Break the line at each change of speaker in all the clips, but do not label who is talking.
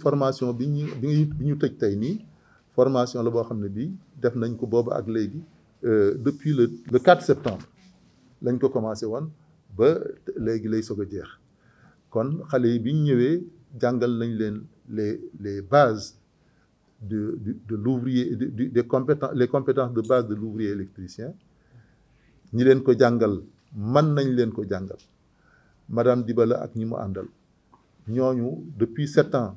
formation formation euh, depuis le 4 septembre lañ ko commencé won ba légui lay jeex kon les bases de de de l'ouvrier de des compétences les compétences de base de l'ouvrier électricien ñi leen ko jàngal man nañ leen ko madame Dibala depuis sept ans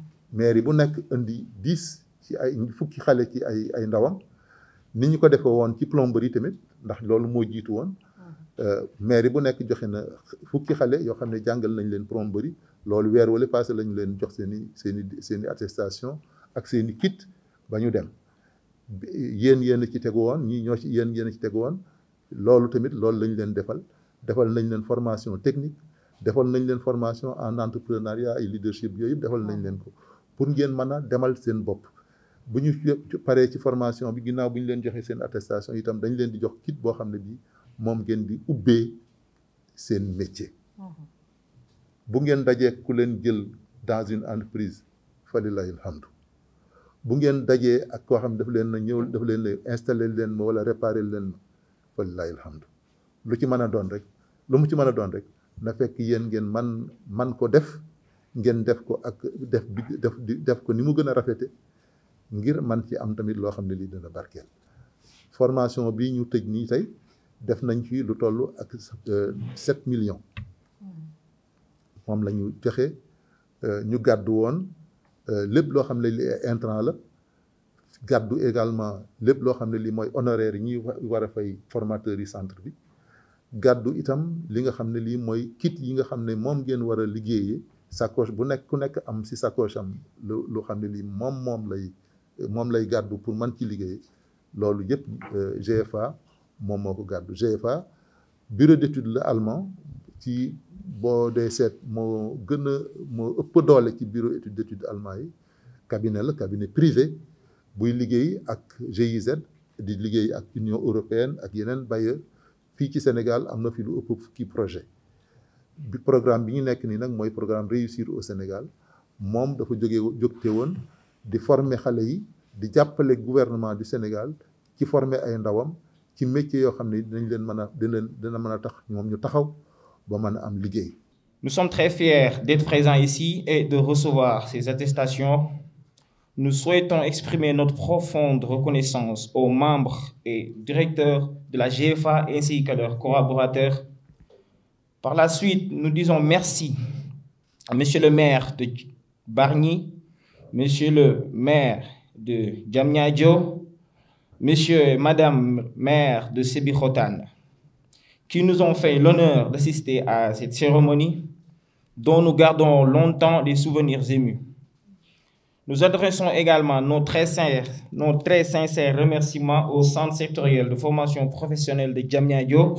mairie bu nekk indi dix ci ay fukki xale ci ay ay ndawam ni ñu ko defee woon ci plomberie tamit ndax loolu moo jiitu woon mm-hmm. euh, mairie bu nekk joxe na fukki xale yoo xam ne jàngal nañ leen plomberie loolu weer wala passé lañu leen jox seeni i seen i seen attestation ak seen i kit ba ñu dem yéen yéen ci tegu woon ñii ñoo ci yéen yéen ci tegu woon loolu tamit loolu lañ leen defal defal nañ leen formation technique defal nañ leen formation en entrepreneuriat et leadership yooyu defal nañ mm-hmm. leen ko pour ngeen mën a demal seen bopp bu ñu paree ci formation bi ginnaaw bu ñu leen joxee seen attestation itam dañ leen di jox kit boo xam ne bii moom ngeen di ubbee seen métier mm-hmm. bu ngeen dajee ku leen jël dans une entreprise falilahi alhamdu bu ngeen dajee ak koo xam ne daf leen na ñëw daf leen na installé leen ma wala réparé leen ma falilahi alhamdu lu ci mën a doon rek lu mu ci mën a doon rek na fekk yéen ngeen man man ko def ngeen def ko ak def def def ko ni mu gën a rafete ngir man ci am tamit loo xam ne lii dana barkeel formation bi ñu tëj nii tey def nañ ci lu toll ak euh, sept millions hmm. moom la ñu joxe euh, ñu gàddu woon euh, lépp loo xam ne li intrant la gàddu également lépp loo xam ne li mooy honoraire ñi ñuy war a fay formateur yi centre bi gàddu itam li nga xam ne lii mooy kit yi nga xam ne moom ngeen war a liggéeyee sacoche bu nek ku nek am si sacoche am lo lu xam mom mom lay mom lay gaddu pour man ci liggéey loolu yëpp euh, GFA mom moko gaddu GFA bureau d'étude le allemand ci bo de set mo gën mo moo ëpp doole ci bureau étude d'étude allemand yi cabinet la cabinet privé buy liggéey ak GIZ di liggéey ak Union européenne ak yeneen bailleurs fi ci Sénégal amna fi lu ëpp ki projet bi programme bi ñu nekk nii nag mooy programme réussir au Sénégal moom dafa jógee jógte woon di former xale yi di jàppale gouvernement du Sénégal ci former ay ndawam ci métier
yoo xam ne dinañ leen mën a dina dina mën a tax ñoom ñu taxaw ba mën a am liggéey. Nous sommes très fiers d'être présents ici et de recevoir ces attestations. Nous souhaitons exprimer notre profonde reconnaissance aux membres et directeurs de la GFA ainsi qu'à leurs collaborateurs par la suite, nous disons merci à Monsieur le maire de Bargny, Monsieur le maire de Djamnyadjo, Monsieur et Madame maire de Sebihotan, qui nous ont fait l'honneur d'assister à cette cérémonie dont nous gardons longtemps des souvenirs émus. Nous adressons également nos très sincères, nos très sincères remerciements au Centre sectoriel de formation professionnelle de Djamnyadjo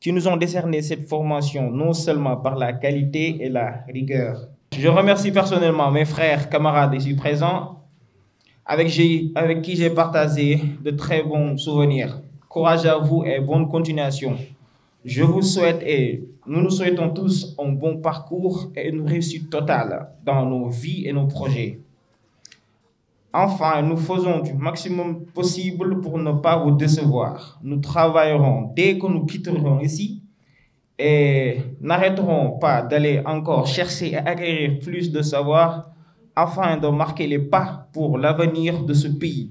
qui nous ont décerné cette formation non seulement par la qualité et la rigueur. Je remercie personnellement mes frères, camarades ici présents, avec, avec qui j'ai partagé de très bons souvenirs. Courage à vous et bonne continuation. Je vous souhaite et nous nous souhaitons tous un bon parcours et une réussite totale dans nos vies et nos projets. Enfin, nous faisons du maximum possible pour ne pas vous décevoir. Nous travaillerons dès que nous quitterons ici et n'arrêterons pas d'aller encore chercher et acquérir plus de savoir afin de marquer les pas pour l'avenir de ce pays.